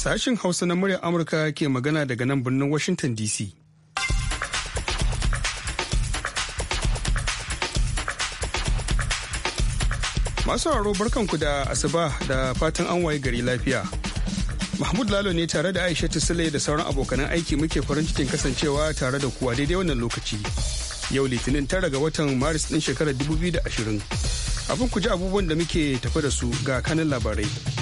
Sashin Hausa na muryar Amurka ke magana daga nan birnin Washington DC. Masu haro barkanku da asuba da fatan an waye gari lafiya. Mahmud Lalo ne tare da Aisha Sule da sauran abokanan aiki muke farin cikin kasancewa tare da kuwa daidai wannan lokaci. Yau Litinin tara ga watan Maris ɗin shekarar 2020. Abin ku ji abubuwan da muke tafi da su ga kanin labarai.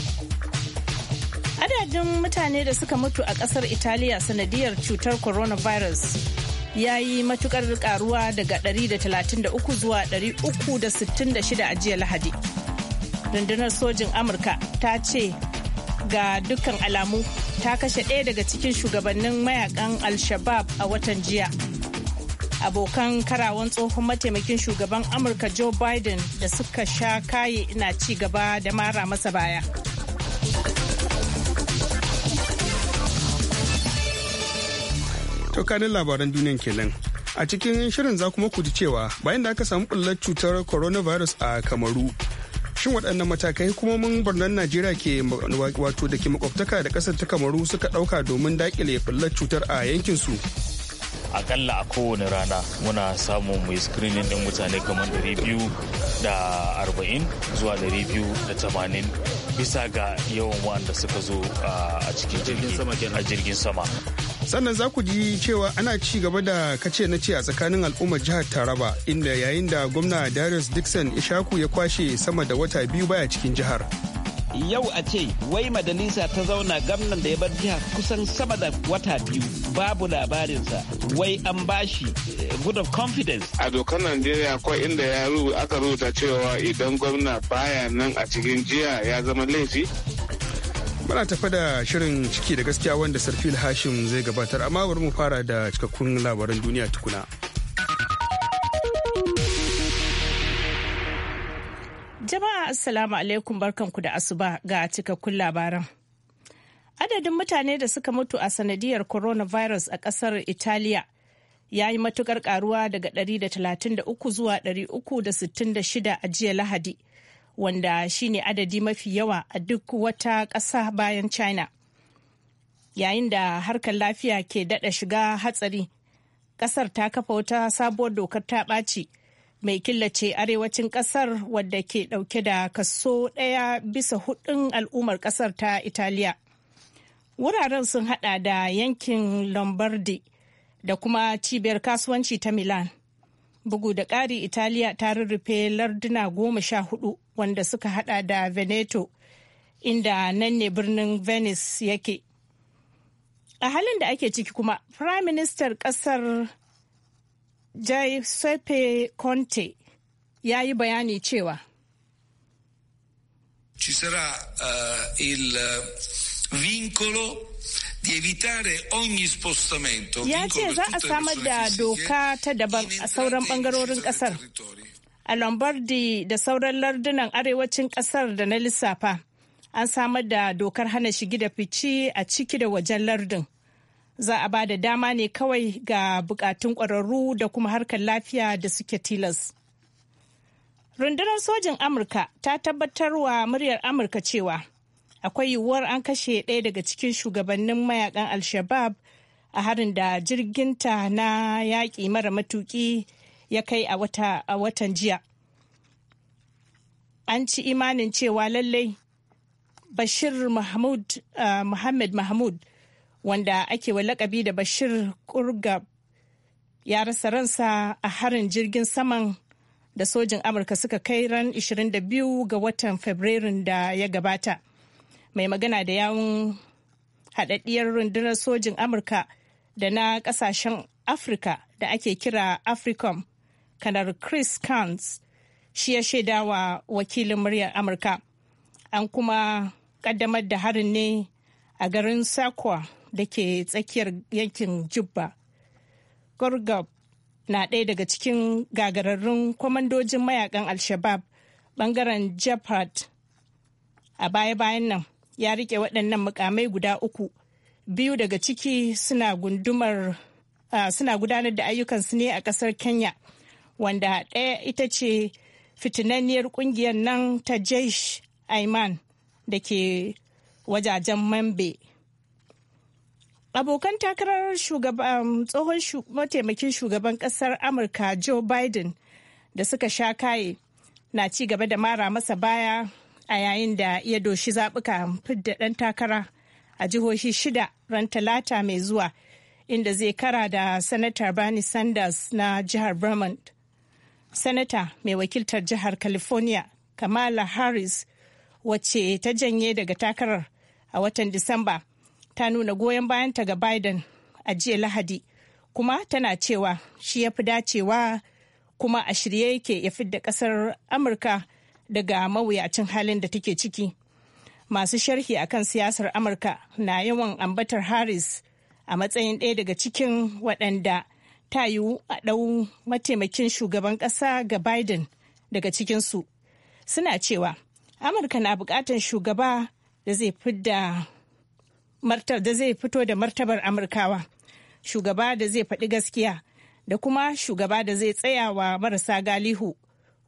adadin mutane da suka mutu a kasar italiya sanadiyar cutar coronavirus ya yi matukar karuwa daga 133 zuwa 366 a jiya lahadi rundunar sojin amurka ta ce ga dukkan alamu ta kashe ɗaya daga cikin shugabannin mayakan al-shabab a watan jiya abokan karawan tsohon mataimakin shugaban amurka joe biden da suka sha kaye na ci gaba da mara masa baya To kanin labaran duniyan kenan. A cikin shirin za kuma ku ji cewa bayan da aka samu bullar cutar coronavirus a Kamaru. Shin waɗannan matakai hukumomin birnin Najeriya ke wato da ke makwabtaka da ƙasar ta Kamaru suka ɗauka domin daƙile bullar cutar a yankinsu. akalla a kowane rana muna samun mai screening din mutane kamar da arba'in zuwa da tamanin bisa ga yawan wanda suka zo a cikin jirgin sama sannan za ku ji cewa ana ci gaba da kace na ce a tsakanin al'ummar jihar taraba inda yayin da gwamna darius dixon ishaku ya kwashe sama da wata biyu baya cikin jihar yau a ce wai majalisa ta zauna gamnan da ya bar jihar kusan sama da wata biyu babu labarinsa wai an bashi eh, good of confidence a dokar najeriya akwai inda ya aka rubuta cewa idan gwamna baya nan a cikin jiya ya zama laifi Muna tafa da shirin ciki da gaskiya wanda Sarfil Hashim zai gabatar amma bari mu fara da cikakkun labaran duniya tukuna. Jama'a Assalamu alaikum barkanku da asuba ga cikakkun labaran. Adadin mutane da suka mutu a sanadiyar coronavirus a kasar Italiya ya yi matukar karuwa daga 133 zuwa 366 a jiya Lahadi. wanda shine adadi mafi yawa a duk wata ƙasa bayan china yayin da harkar lafiya ke daɗa shiga hatsari ƙasar ta kafa wata sabuwar dokar ta ɓaci mai killace arewacin ƙasar wadda ke ɗauke da kaso ɗaya bisa hudun al'ummar ƙasar ta italiya wuraren sun hada da yankin lombardi da kuma cibiyar kasuwanci ta milan bugu da ƙari italiya ta rurrufe larduna goma sha hudu wanda suka hada da veneto inda nan ne birnin venice yake a halin da ake ciki kuma prime minister kasar giuseppe conte ya yi bayani cewa ci sarà uh, il eh, vincolo Ya ce za a samar da doka ta daban a sauran bangarorin kasar. A Lombardi da sauran lardunan arewacin kasar da na lissafa, an samar da dokar hana shigi da fici a ciki da wajen lardin. Za a ba da dama ne kawai ga bukatun ƙwararru da kuma harkar lafiya da suke tilas. Rundunar sojin Amurka ta tabbatar wa muryar Amurka cewa akwai yiwuwar an kashe ɗaya daga cikin shugabannin mayakan al-shabab a harin da jirginta na yaƙi mara matuƙi ya kai a watan jiya an ci imanin cewa lallai bashir mahmud uh, muhammad mahmud wanda ake wa lakabi da bashir kurgab ya rasa ransa a harin jirgin saman da sojin amurka suka kai ran 22 ga watan fabrairun da ya gabata mai magana da yawun haɗaɗɗiyar rundunar sojin amurka da na ƙasashen afirka da ake kira africom kanar chris Kans shi ya shaida wa wakilin muryar amurka an kuma ƙaddamar da harin ne a garin sakwa da ke tsakiyar yankin Juba, gorgab na ɗaya daga cikin gagararrun kwamandojin mayakan al-shabab bangaren jabhat a baya-bayan nan ya rike waɗannan mukamai guda uku biyu daga ciki suna gundumar ah, suna gudanar da ayyukansu ne a ƙasar kenya wanda ɗaya ita ce fitinanniyar ƙungiyar nan ta jaish aiman da ke wajajen mambe abokan takarar um, tsohon mataimakin shugaban ƙasar amurka joe biden da suka sha kaye na ci gaba da mara masa baya a yayin da ya doshi zaɓuka fidda ɗan takara a jihohi shida ran talata mai zuwa inda zai kara da sanatar bernie sanders na jihar vermont sanata mai wakiltar jihar california kamala harris wacce ta janye daga takarar a watan disamba ta nuna goyon bayanta ga biden a jiya lahadi kuma tana cewa shi ya fi dacewa kuma a shirye yake ya fidda kasar amurka daga mawuyacin halin da take ciki masu sharhi a kan siyasar amurka na yawan ambatar harris a matsayin ɗaya daga cikin waɗanda ta yiwu a ɗau mataimakin shugaban ƙasa ga biden daga cikinsu suna cewa amurka na buƙatar shugaba da zai fito da martabar amurkawa shugaba da zai faɗi gaskiya da kuma shugaba da zai tsaya wa marasa galihu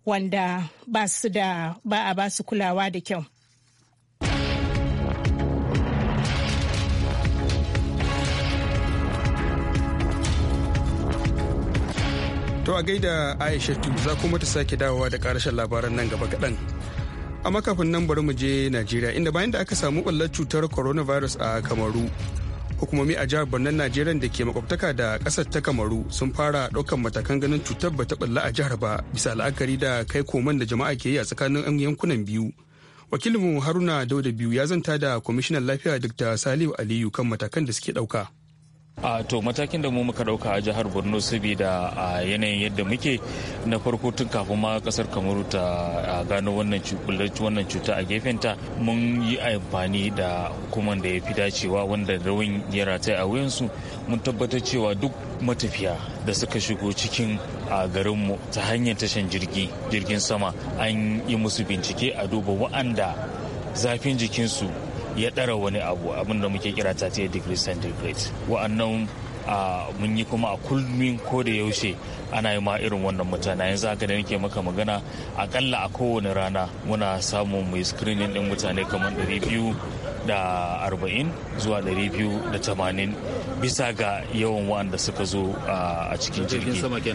wanda ba su da ba a ba su kulawa da kyau. To a gaida Aisha za kuma ta sake dawowa da karashen labaran nan gaba kaɗan. A makafin nan bari mu je Najeriya inda bayan da aka samu ɓallar cutar coronavirus a Kamaru hukumomi a jihar Borno Najeriya da ke makwabtaka da kasar ta Kamaru sun fara ɗaukan matakan ganin cutar ba ta balla a jihar ba bisa la'akari da kai koman da jama'a ke yi a tsakanin 'yan yankunan biyu. Wakilinmu Haruna Dauda biyu ya zanta da kwamishinan lafiya Dr. Saliu Aliyu kan matakan da suke ɗauka. a to matakin da mu muka dauka a jihar borno saboda a yanayin yadda muke na farko tun kafin ma kasar kamaru ta gano wannan wannan cuta a gefenta mun yi amfani da hukuman da ya fi dacewa wanda rawan ya rataya a wuyansu mun tabbatar cewa duk matafiya da suka shigo cikin a garinmu ta hanyar tashan jirgi jirgin sama an yi musu bincike a duba wa'anda zafin jikinsu ya ɗara wani abu abin da muke kira 38 degrees centigrade wa'annan mun yi kuma a kullum ko da yaushe ana yi ma irin wannan mutane yanzu haka da nake maka magana akalla a kowane rana muna samun mai screening din mutane kamar biyu da arba'in zuwa da tamanin bisa ga yawan wa'anda suka zo a cikin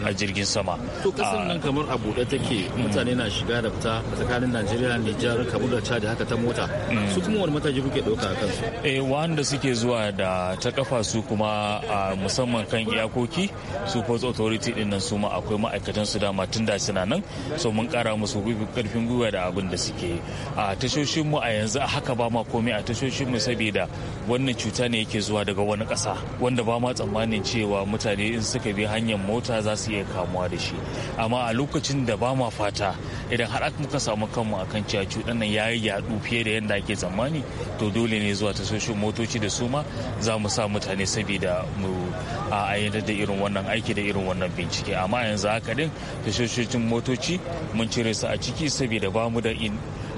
a jirgin sama to kasan nan kamar a buɗe take mm. mutane na shiga da fita tsakanin najeriya nijar kabul da chad haka ta mota mm. su kuma wani mataki kuke ɗauka a kansu eh wa'anda suke zuwa da ta kafa su kuma musamman kan iyakoki su post authority din nan su ma akwai ma'aikatan su dama tun da suna nan so mun kara musu karfin gwiwa da abin da suke a tashoshin mu a yanzu a haka ba ma komai a tashoshin mu saboda wannan cuta ne yake zuwa daga wani ƙasa wanda ba ma tsammanin cewa mutane in suka bi hanyar mota za su iya kamuwa da shi amma a lokacin da ba ma fata idan har muka samu kanmu akan cewa cutan nan ya yi yaɗu fiye da yadda ake tsammani to dole ne zuwa tashoshin motoci da su ma za mu sa mutane saboda mu a ayyadar da irin wannan aiki da irin wannan bincike amma yanzu haka din tashoshin motoci mun cire su a ciki saboda ba mu da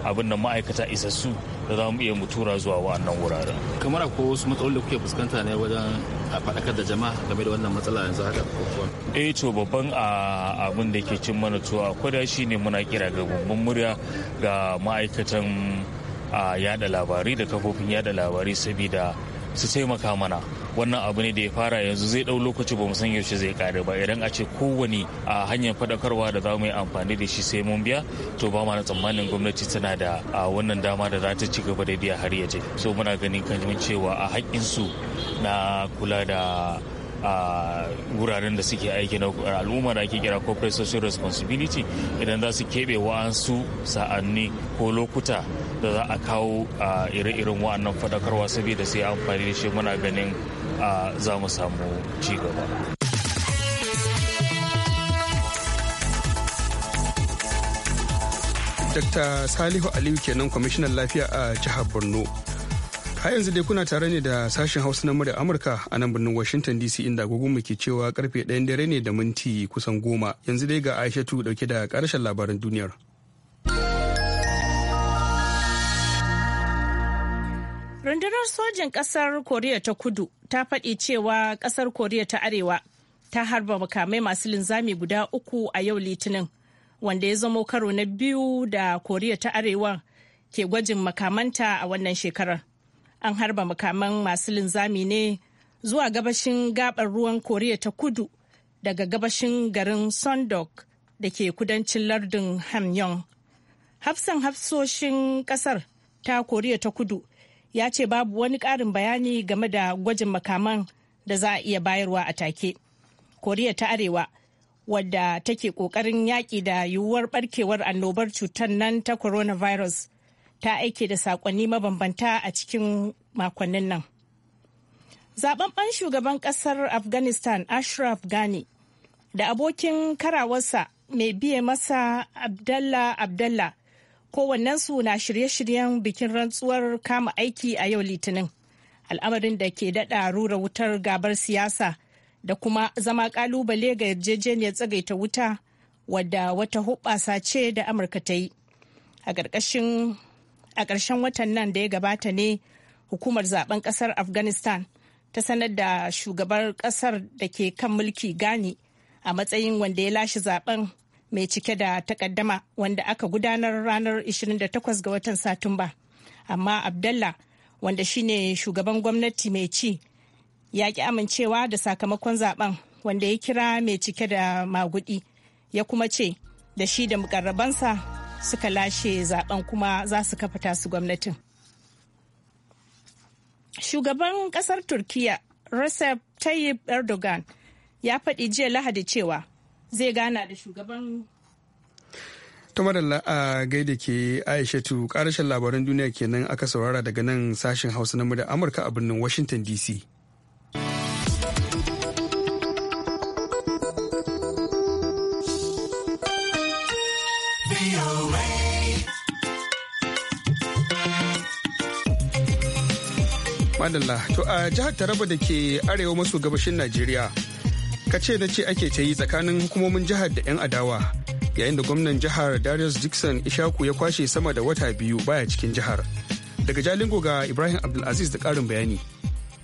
abin da ma'aikata isassu da za mu iya mu tura zuwa wa'annan wuraren. kamar ko wasu matsaloli da kuke fuskanta ne wajen a faɗakar da jama'a game da wannan matsala yanzu haka eh to babban abin da ke cin mana tuwa akwai da shi ne muna kira ga babban murya ga ma'aikatan yada labarai da kafofin yada labarai saboda su taimaka mana wannan abu ne da ya fara yanzu zai ɗau lokaci ba mu san yaushe zai kare ba idan a ce kowane a hanyar faɗakarwa da za mu yi amfani da shi sai mun biya to ba ma na tsammanin gwamnati tana da wannan dama da za ta ci gaba da biya har ya ce so muna ganin kan cewa a haƙƙinsu na kula da a wuraren da suke aiki na al'umma da ake kira corporate social responsibility idan za su keɓe wa'ansu sa'anni ko lokuta da za a kawo ire-iren wa'annan faɗakarwa saboda sai amfani da shi muna ganin za mu samu ci gaba. Dr. Salihu Aliyu kenan kwamishinan lafiya a jihar Borno. Har yanzu dai kuna tare ne da sashen Hausa na murya Amurka a nan birnin Washington DC inda agogonmu ke cewa karfe ɗayan dare ne da minti kusan goma. Yanzu dai ga Aisha tu dauke da karshen labaran duniyar. rundunar sojin ƙasar koriya ta kudu ta faɗi cewa ƙasar koriya ta arewa ta harba makamai masu linzami guda uku a yau litinin wanda ya zamo karo na biyu da koriya ta arewa ke gwajin makamanta a wannan shekarar an harba makaman masu linzami ne zuwa gabashin gabar ruwan koriya ta kudu daga gabashin garin sondok da ke kudancin lardin hamyong hafsan hafsoshin ƙasar ta koriya ta kudu ya ce babu wani ƙarin bayani game da gwajin makaman da za a iya bayarwa a take. Koriya ta Arewa wadda take ƙoƙarin yaƙi da yiwuwar ɓarkewar annobar cutar nan ta coronavirus ta aike da saƙonni mabambanta a cikin makonnin nan. Zababben shugaban ƙasar Afghanistan Ashraf Ghani da abokin karawarsa mai biye masa Abdallah Abdallah kowannensu na shirye-shiryen bikin rantsuwar kama aiki a yau litinin al'amarin da ke daɗa rura wutar gabar siyasa da kuma zama kalubale ga yarjejeniyar tsagaita wuta wadda wata hubbasa ce da amurka ta yi a ƙarshen watan nan da ya gabata ne hukumar zaben ƙasar afghanistan ta sanar da shugaban ƙasar da ke kan mulki gani a matsayin wanda ya lashe zaben mai cike da takaddama wanda aka gudanar ranar 28 ga watan satumba amma abdallah wanda shine shugaban gwamnati mai ci ya ki amincewa da sakamakon zaben wanda ya kira mai cike da magudi ya kuma ce da shi da mukarrabansa suka lashe zaben kuma za su kafa tasu gwamnatin shugaban kasar turkiya recep tayyip erdogan ya faɗi jiya lahadi cewa zai gana da shugaban ta madalla a gaida ke aishatu karashin labaran duniya kenan aka saurara daga nan sashen hausa na da amurka a birnin washington dc madalla to a jihar taraba da ke arewa maso gabashin najeriya kace da ce ake ta yi tsakanin hukumomin jihar da 'yan adawa yayin da gwamnan jihar darius dixon ishaku ya kwashe sama da wata biyu baya cikin jihar daga jalingo ga ibrahim abdulaziz da karin bayani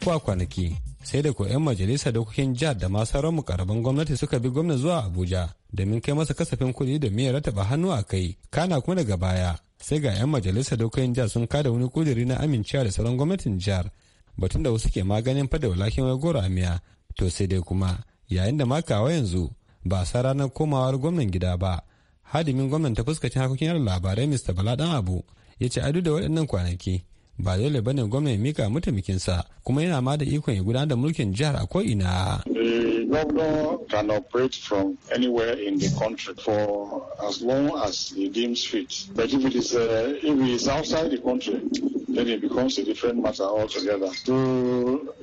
kwa kwanaki sai da ko 'yan majalisa dokokin jihar da masu sauran mukarraban gwamnati suka bi gwamna zuwa abuja domin kai masa kasafin kuɗi da miyar rataba hannu a kai kana kuma daga baya sai ga 'yan majalisa dokokin jihar sun kada wani kudiri na amincewa da sauran gwamnatin jihar batun da wasu ke maganin fada walakin wai goro a miya to sai dai kuma yayin da makawa yanzu ba sa ranar komawar gwamnan gida ba hadimin gwamnan ta fuskacin hakokin yara labarai mista bala dan abu ya ce adu da waɗannan kwanaki ba dole bane gwamnan mika mataimakinsa kuma yana ma da ikon ya gudanar da mulkin jihar a ko'ina. Eh, governor can operate from anywhere in the country for as long as he deems fit. But if it is uh, if it is outside the country, then it becomes a different matter altogether. So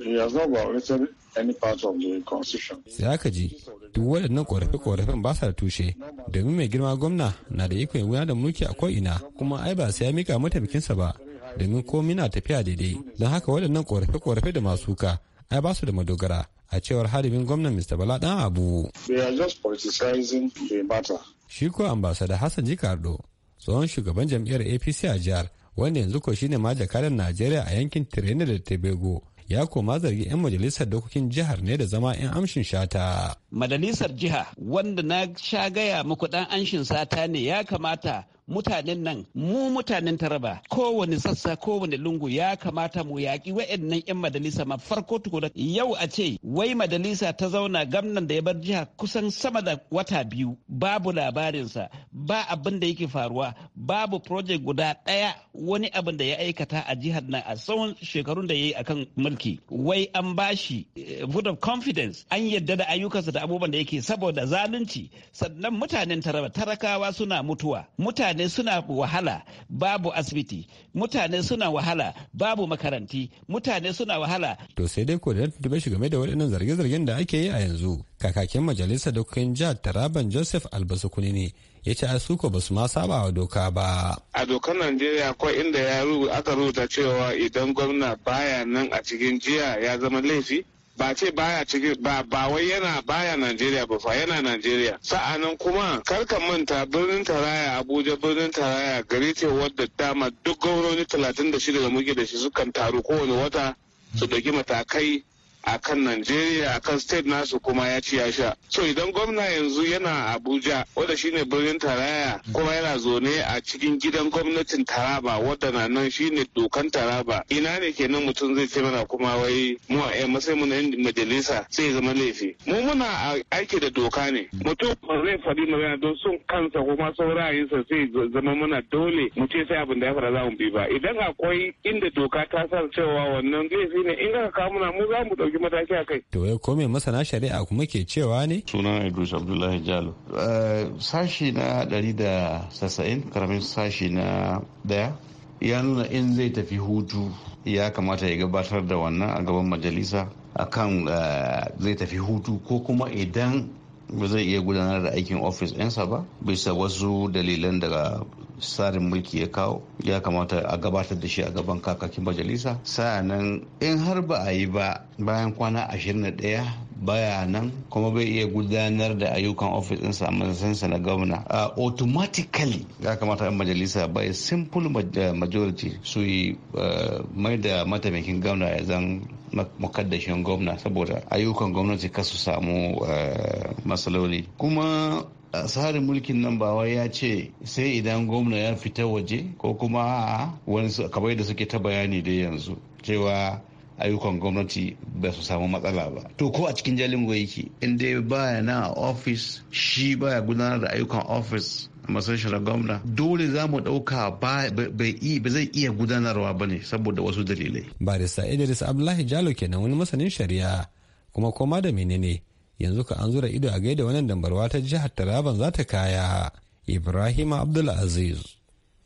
he has not violated any part of the constitution. aka ji duk waɗannan ƙorafe-ƙorafen ba sa da tushe domin mai girma gwamna na da ikon wuya da mulki a ko'ina kuma ai ba sai ya mika mataimakinsa ba domin komi na tafiya daidai don haka waɗannan ƙorafe-ƙorafe da masu ka ai ba su da madogara a cewar haribin gwamnan Mr. Bala dan Abu. Shi ko ambasada Hassan Jikardo tsohon shugaban jam'iyyar APC a jihar wanda yanzu ko shine ma jakadan Najeriya a yankin Trinidad da Tobago ya koma zargi 'yan majalisar dokokin jihar ne da zama 'yan amshin shata. Majalisar jiha wanda na sha gaya muku ɗan anshin sata ne ya kamata mutanen nan mu mutanen taraba kowane sassa kowane lungu ya kamata mu yaƙi wa'annan 'yan majalisa ma farko tukuna yau a ce wai majalisa ta zauna gamnan da ya bar jiha kusan sama da wata biyu babu labarinsa ba abin da yake faruwa babu project guda ɗaya wani abin da ya aikata a jihar nan a tsawon shekarun da ya yi akan mulki wai an bashi eh, vote of confidence an yadda da ayyukansa da abubuwan da yake saboda zalunci sannan mutanen taraba tarakawa suna mutuwa mutane mutane suna wahala babu asibiti mutane suna wahala babu makaranti mutane suna wahala to sai dai ko da tuntube shi game da waɗannan zarge-zargen da ake yi a yanzu kakakin majalisar dokokin jihar taraban joseph albasukuni ne ya ce asuko ba su ma saba wa doka ba. A dokar Najeriya akwai inda ya aka rubuta cewa idan gwamna baya nan a cikin jiya ya zama laifi ba ce baya cikin ba ba wai yana baya Najeriya ba fa yana Najeriya sa'anan kuma karka manta birnin taraya Abuja birnin taraya gari ce wadda dama duk gauroni 36 da muke da shi sukan taru kowane wata su ɗauki matakai a kan Najeriya a kan state nasu kuma ya ci ya sha. So idan gwamna yanzu yana Abuja wanda shine birnin Taraya kuma yana zone a cikin gidan gwamnatin Taraba wadda na nan shine dokan Taraba ina ne kenan mutum zai ce mana kuma wai mu a yan masai mu majalisa sai zama laifi. Mu muna aiki da doka ne mutum ba zai faɗi magana don sun kansa kuma saurayin ra'ayinsa sai zama mana dole mu ce sai abin da ya faru za mu bi ba. Idan akwai inda doka ta sa cewa wannan fi ne in ka kawo muna mu za mu ɗauki ɗauki mataki a kai. To ko masana shari'a kuma ke cewa ne? Sunan Idris Abdullahi Jalo. Eh, sashi na ɗari da sassa'in karamin sashi na ɗaya ya nuna in zai tafi hutu ya kamata ya gabatar da wannan a gaban majalisa akan eh, zai tafi hutu ko kuma idan ba zai iya gudanar da aikin ofis ɗinsa ba bisa wasu dalilan daga tsarin mulki ya kawo ya kamata a gabatar da shi a gaban kakakin majalisa sa'annan in har ba a yi ba bayan kwana 21 Bayanan kuma bai iya gudanar da ayyukan ofis ɗinsa a majalisa na gwamna automatically ya kamata 'yan majalisa bai simple eh, majority su yi eh, mai da mataimakin gwamna ya zan makaddashin gwamna saboda ayyukan gwamnati ka su samu eh, matsaloli kuma tsarin mulkin nan bawa ya ce sai idan gwamna ya fita waje ko kuma wani kamar da suke ta bayani dai yanzu cewa ayyukan gwamnati ba su samu matsala ba to ko a cikin jalingo yake in dai baya na ofis shi baya gudanar da ayyukan ofis masashirar gwamna dole za mu ɗauka ba zai iya gudanarwa ba ne saboda wasu dalilai. Ba da idris abdullahi jalo kenan wani masanin shari'a kuma koma da menene yanzu ka an zura ido a gaida wannan dambarwa ta jihar taraban za ta kaya ibrahim abdulaziz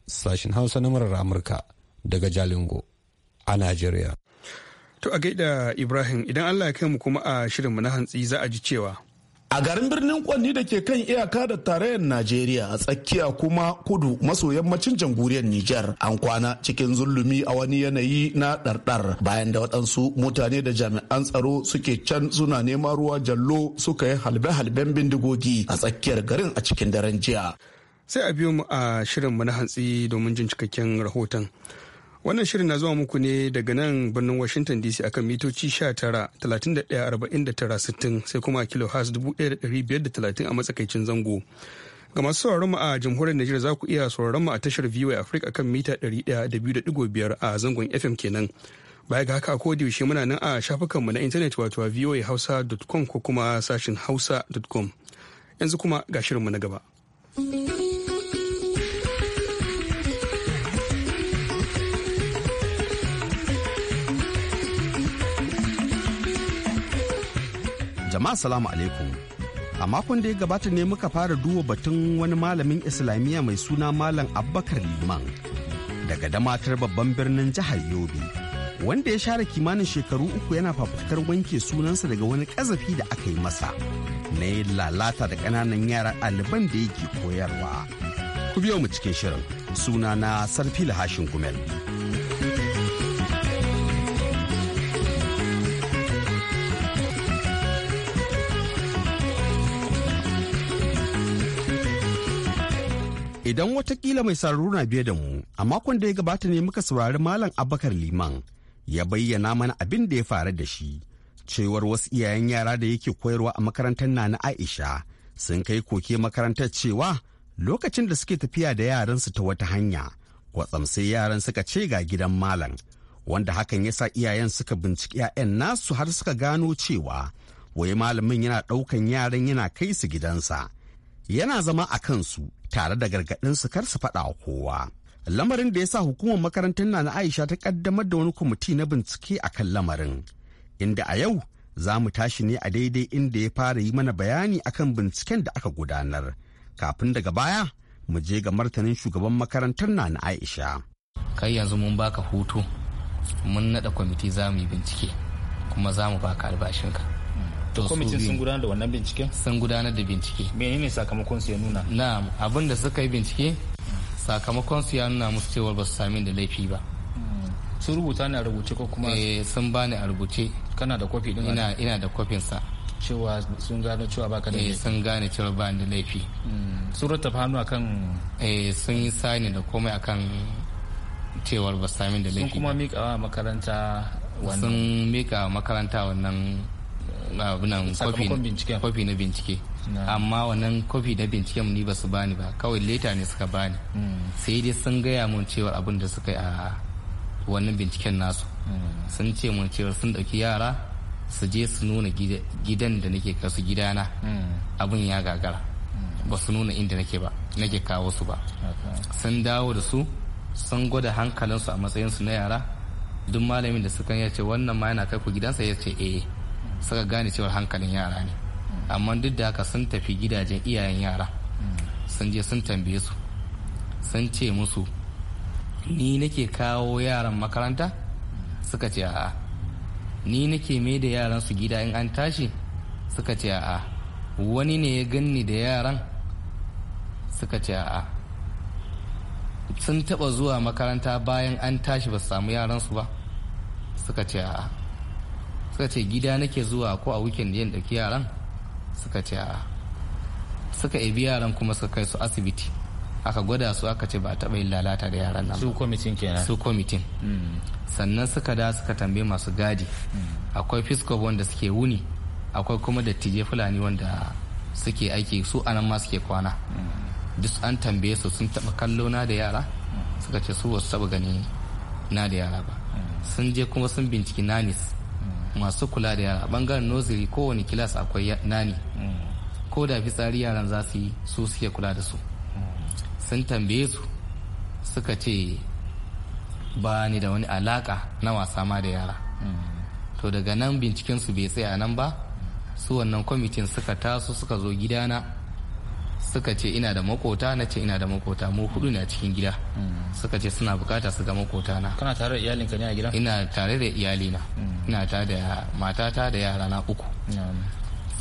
sashen hausa na murar amurka daga jalingo a najeriya To a gaida Ibrahim idan Allah ya kai mu kuma a shirinmu na hantsi za a ji cewa. A garin birnin Kwanni da ke kan iyaka da tarayyar Najeriya a tsakiya kuma kudu maso yammacin jamhuriyar Nijar an kwana cikin zulumi a wani yanayi na ɗarɗar bayan da waɗansu mutane da jami'an tsaro suke can suna neman ruwa jallo suka yi halbe-halben bindigogi a tsakiyar garin a cikin daren jiya. Sai a biyo mu a shirinmu na hantsi domin jin cikakken rahoton. Wannan shirin na zuwa muku ne daga nan birnin Washington DC akan mitoci 19 sai kuma kilo has 1530 a matsakaicin zango. Ga masu sauraron mu a jamhuriyar Najeriya za ku iya sauraron mu a tashar VOA Africa akan mita 102.5 a zangon FM kenan. Baya ga haka ko yaushe muna nan a mu na intanet wato a voahausa.com ko kuma sashin hausa.com. Yanzu kuma ga shirin mu na gaba. Jama'a salamu alaikum. A makon da ya gabata ne muka fara duba batun wani malamin Islamiyya mai suna Malam Abbakar Liman daga damatar babban birnin jihar Yobe. Wanda ya share kimanin shekaru uku yana fafakar wanke sunansa daga wani kazafi da aka yi masa na yi lalata da kananan yara ɗaliban da yake koyarwa. Ku biyo mu cikin shirin suna sunana Sarfila Hashin Gumel. Idan watakila mai na biye da mu, a makon da ya gabata ne muka saurari Malam Abakar Liman ya bayyana mana abin da ya faru da shi, cewar wasu iyayen yara da yake koyarwa a makarantar na na Aisha sun kai koke makarantar cewa lokacin da suke tafiya da yaransu ta wata hanya, kwatsam sai yaran suka ce ga gidan malam, wanda hakan ya sa iyayen suka binciki 'ya'yan nasu har suka gano cewa wai malamin yana ɗaukan yaran yana kai su gidansa. yana zama a kansu tare da gargaɗin su kar su faɗa kowa. Lamarin da ya sa hukumar makarantar na Aisha ta ƙaddamar da wani kwamiti na bincike a kan lamarin, inda a yau za mu tashi ne a daidai inda ya fara yi mana bayani akan binciken da aka gudanar. Kafin daga baya, mu je ga martanin shugaban makarantar na Aisha. Kai yanzu mun baka hutu, mun naɗa kwamiti za mu yi bincike, kuma za mu baka albashinka. to kwamitin sun gudanar da wannan bincike sun gudanar da bincike menene sakamakon su ya nuna na'am abin da suka yi bincike sakamakon su ya nuna musu cewa ba su sami da laifi ba hmm. sun rubuta ne a rubuce ko kuma eh sun bani a rubuce kana da kofi din ina ina da kofin sa cewa sun gano cewa baka da eh, laifi sun gane cewa ba da laifi hmm. sun rattafa hannu akan eh sun yi sani da komai akan cewar ba sami da laifi sun kuma mika makaranta makaranta sun mika makaranta wannan abinan kofi na bincike amma wannan kofi na binciken ni ba su bani ba kawai leta ne suka bani hmm. sai dai sun gaya mun cewa abin da suka yi a wannan binciken nasu hmm. sun ce mun cewa sun dauki yara su je su nuna gidan da nake kasu gidana hmm. abin ya gagara ba su nuna inda nake ba nake kawo su ba sun dawo da su sun gwada hankalinsu a matsayinsu na yara duk malamin da suka yace wannan ma yana kai ku gidansa ya ce eh suka gane cewar hankalin yara ne amma duk da haka sun tafi gidajen iyayen yara sun je sun tambaye su sun ce musu ni nake kawo yaran makaranta suka ce a'a ni nake mai da yaran su gida in an tashi suka ce a'a wani ne ya ganni da yaran suka ce a'a sun taba zuwa makaranta bayan an tashi ba su samu yaran su ba suka ce a'a suka ce gida nake zuwa ko a weekend yin ɗauki yaran suka ce a suka ebi yaran kuma suka kai su asibiti aka gwada su aka ce ba a taɓa yin lalata da yaran nan su kwamitin kenan su kwamitin mm. sannan suka da suka tambaye masu gadi mm. akwai fiskof wanda suke wuni akwai kuma dattijai fulani wanda suke aiki su anan ma suke kwana mm. duk an tambaye su sun taɓa kallo na da yara suka ce su wasu taɓa gani na da yara ba sun je kuma sun binciki nanis masu kula da yara bangaren nursery kowane kilas akwai nani mm. ko da fitsari yaran za su yi su suke kula da su mm. sun tambaye su suka ce ba ni da wani alaka na wasa ma da yara mm. to daga nan binciken su bai tsaya nan ba su wannan kwamitin suka taso suka zo gidana suka ce ina da makota na ce ina da makota mu hudu ne a cikin gida mm. suka ce suna bukata su ga makota na kana tare da iyalinka ne a gida ina tare da iyalina mm. ina tare da matata da yara na uku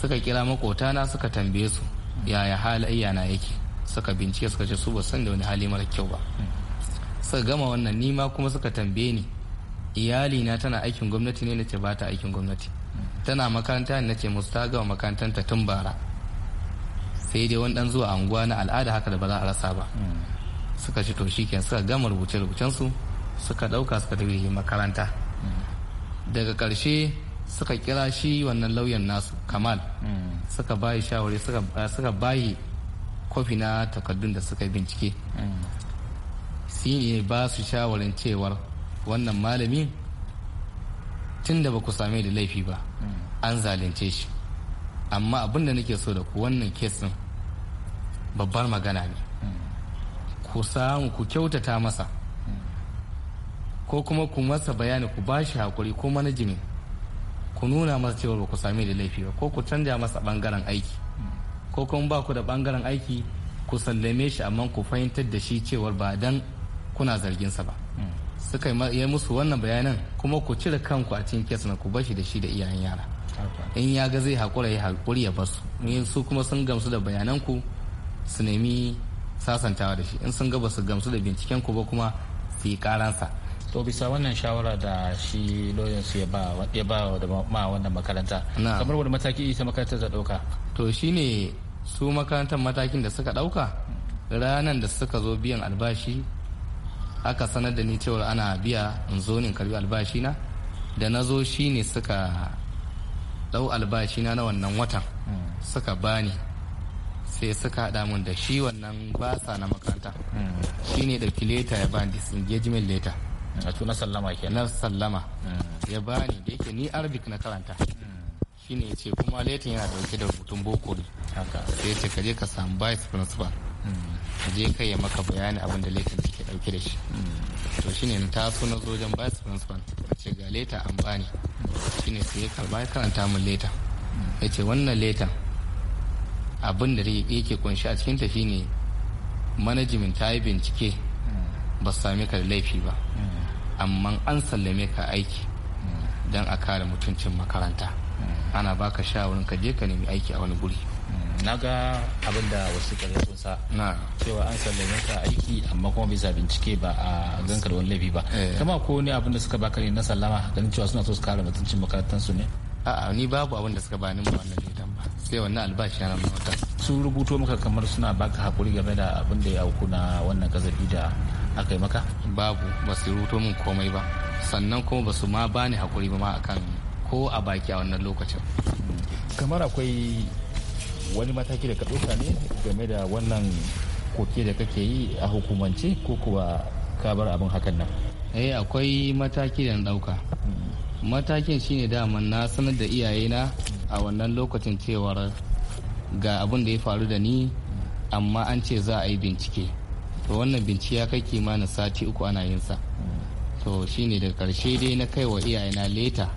suka kira makota na suka tambaye su yaya halayya na yake suka bincike suka ce su ba san da wani hali mara kyau ba mm. suka gama wannan nima kuma suka tambaye ni iyalina tana aikin gwamnati ne na ce ba ta aikin gwamnati tana makaranta ne na ce musu ta gama ta tun bara sai dai wani dan zuwa anguwa na al'ada haka da ba za a rasa ba suka ci to suka gama rubuce rubucen su suka dauka suka tafi makaranta daga karshe suka kira shi wannan lauyan nasu kamal suka bayi shawari suka bayi kofi na takardun da suka bincike shi ne ba su shawarin cewar wannan malami tun da ba ku same da laifi ba an zalunce shi amma abin da nake so da ku wannan kesin babbar magana ne ku samu ku kyautata masa ko kuma ku masa bayani ku ba shi hakuri ko manajimin ku nuna masa cewa ba ku sami da laifi ba ko ku canja masa bangaren aiki ko kuma ba ku da bangaren aiki ku sallame shi amma ku fahimtar da shi cewar ba dan kuna zarginsa ba suka yi musu wannan bayanan kuma ku cire kanku a cikin kesa na ku bashi da shi da iyayen yara in ya ga zai hakura ya hakuri ya basu su kuma sun gamsu da bayananku. ku su nemi sasantawa da shi in sun ga su gamsu da binciken ku ba kuma su yi karansa to bisa wannan shawara da shi loyan su ya ba wa da ma wannan makaranta kamar wani mataki ita makarantar ta dauka to shine su makarantar matakin da suka dauka ranar da suka zo biyan albashi aka sanar da ni cewar ana biya in zo ne karbi albashi na da na zo shine suka dau albashi na na wannan watan hmm. suka bani sai suka haɗa mun da shi wannan basa na makaranta mm. shi ne da leta ya bani disengagement leta. Mm. a na sallama ke na sallama mm. ya bani da yake ni arabic na karanta shi ne ce kuma letin yana dauke da rubutun boko ne sai ce ka je ka samu vice principal ka je kai ya maka bayani abin da letin take dauke da shi to shi ne ta so na zojen vice principal ce ga leta an bani shi ne sai ya karba ya karanta mun leta ya ce wannan letan abin da yake kunshi a cikin tafi ne manajimin ta yi bincike ba su sami ka da laifi ba amma an sallame ka aiki don a kare mutuncin makaranta ana baka shawarin ka je ka nemi aiki a wani guri na ga abin da wasu kare sun sa cewa an sallame ka aiki amma kuma bisa bincike ba a ganka da wani laifi ba eh. kama ko ne abin da suka baka ne na sallama ganin cewa suna so su kare mutuncin makarantar su ne a'a ni babu abin da suka bani mu wannan leda sai wannan albashi na wata sun rubuto maka kamar suna baka hakuri game da abin da ya auku na wannan kazafi da aka yi maka babu ba su rubuto min komai ba sannan kuma ba su ma bani hakuri ba ma akan ko a baki a wannan lokacin kamar akwai wani mataki da ɗauka ne game da wannan koke da kake yi a hukumance ko kuwa ka bar abin hakan nan eh akwai mataki da na ɗauka hmm. matakin shine dama na sanar da iyayena a wannan lokacin cewar ga abin da ya faru da ni amma an ce za a yi bincike to wannan bincike ya kai kimanin sati uku ana yin sa to shine da karshe dai na kai wa iyayena leta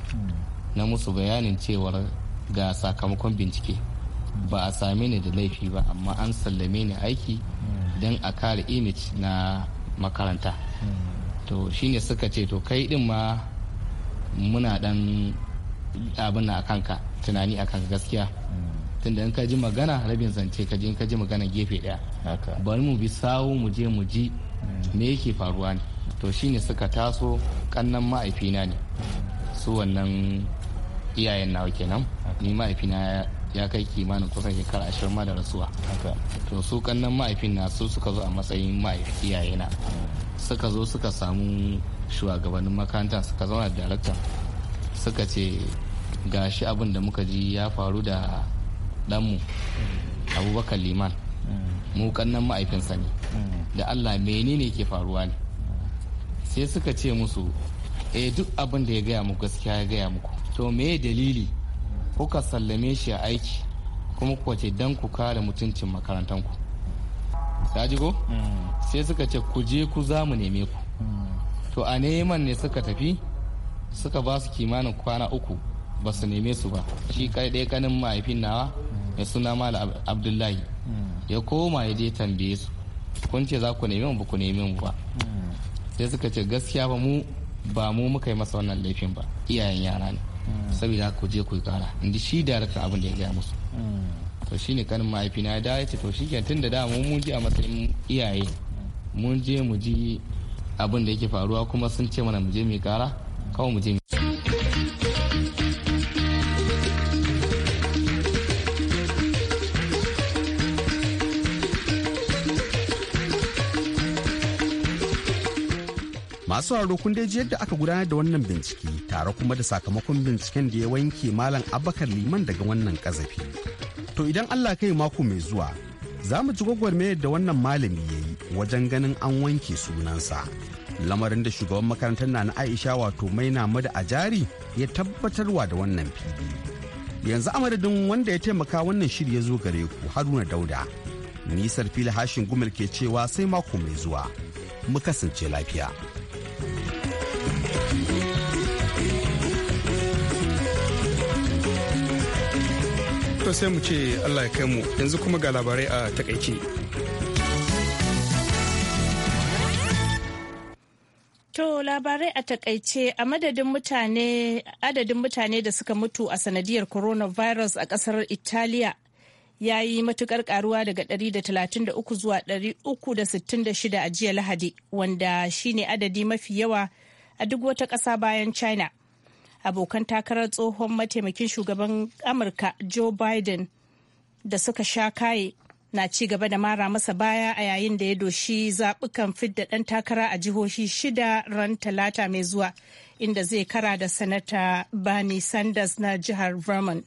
na musu bayanin cewar ga sakamakon bincike ba a same ni da laifi ba amma an sallame ni aiki don a kare image na makaranta to shine suka ce to kai din ma muna dan abin a kanka tunani a kanka gaskiya tunda in ka ji magana rabin zance ka ka ji magana gefe daya bari mu bi sawu mu je mu ji me yake faruwa ne to shine suka taso kannan ma'aifina ne su wannan iyayen nawa kenan ni ma'aifina ya kai kimanin kusan shekara ashirin ma da rasuwa to su kannan ma'aifin na su suka zo a matsayin iyayena suka zo suka samu shugabannin makaranta suka zauna da suka ce ga shi abin da muka ji ya faru da ɗanmu abubakar liman mu kannan ma'aifinsa ne da allah menene ke faruwa ne sai suka ce musu eh duk abin da ya gaya mu gaskiya ya gaya muku to me dalili kuka sallame shi a aiki kuma kuwa ce don ku kare mutuncin makarantanku ta ji sai suka ce ku je ku za mu neme ku to a neman ne suka tafi suka ba su kimanin kwana uku ba su neme su ba shi ɗaya kanin mahaifin nawa mai suna mala abdullahi mm. ya koma ya je tambaye su kun ce za ku neme mu ba ku neme mu ba mm. sai suka ce gaskiya ba mu ba mu muka yi masa wannan laifin ba iyayen yara ne mm. saboda ku je ku kara inda shi darakta abin da ya gaya musu to shine kanin mahaifina ya dawo ya ce to shi tun da damu mun je a matsayin iyaye mun je mu ji abin da yake faruwa kuma sun ce mana mu je mu kara kawai mu je mu masu sauraro kun dai yadda aka gudanar da wannan bincike tare kuma da sakamakon binciken da ya wanke malam abakar liman daga wannan kazafi to idan allah kai mako mai zuwa za mu ci gwagwarmayar da wannan malami ya yi wajen ganin an wanke sunansa lamarin da shugaban makarantar na aisha wato maina mada a jari ya tabbatarwa da wannan fili yanzu a madadin wanda ya taimaka wannan shiri ya zo gare ku haruna dauda nisar fili hashin gumel ke cewa sai mako mai zuwa mu kasance lafiya. to sai mu ce allah ya kai mu yanzu kuma ga labarai a takaice To labarai a takaice a madadin mutane adadin mutane da suka mutu a sanadiyar coronavirus a kasar Italiya ya yi matukar karuwa daga 133 zuwa 366 a jiya Lahadi wanda shine adadi mafi yawa a duk wata ƙasa bayan China. abokan takarar tsohon mataimakin shugaban amurka joe biden da suka sha kaye na ci gaba da mara masa baya a yayin da ya doshi zaɓukan fidda ɗan takara a jihohi shida ran talata mai zuwa inda zai kara da sanata bani sanders na jihar vermont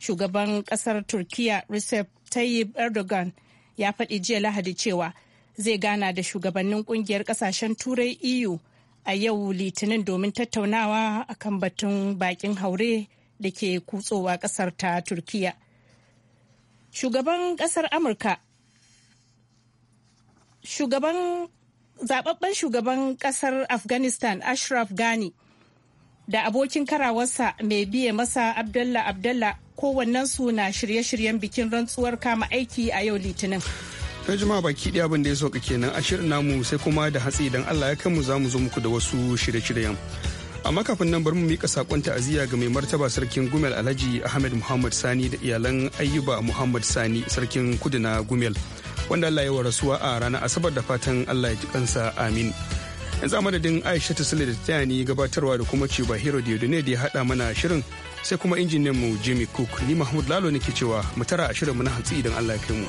shugaban ƙasar turkiya recep tayyip erdogan ya faɗi jiya lahadi cewa zai gana da shugabannin ƙungiyar ƙasashen turai eu a yau litinin domin tattaunawa akan batun bakin haure da ke kutsowa kasar ta turkiya shugaban kasar amurka shugaban zababben shugaban kasar afghanistan ashraf ghani da abokin karawarsa mai biya masa abdallah abdallah kowannensu na shirye-shiryen bikin rantsuwar kama aiki a yau litinin na jima baki ɗaya abin da ya sauka kenan a shirin namu sai kuma da hatsi idan Allah ya kanmu za mu zo muku da wasu shirye-shiryen. Amma kafin nan bari mu mika sakon ta'aziyya ga mai martaba sarkin Gumel Alhaji Ahmed Muhammad Sani da iyalan Ayyuba Muhammad Sani sarkin kudu na Gumel wanda Allah ya wa rasuwa a ranar Asabar da fatan Allah ya ji kansa amin. Yanzu a madadin Aisha sule da ta ni gabatarwa da kuma Ciba Hero da ne da ya haɗa mana shirin sai kuma injiniyan mu Jimmy Cook ni Mahmud Lalo ke cewa mu tara a shirin mu na hatsi idan Allah ya kai mu.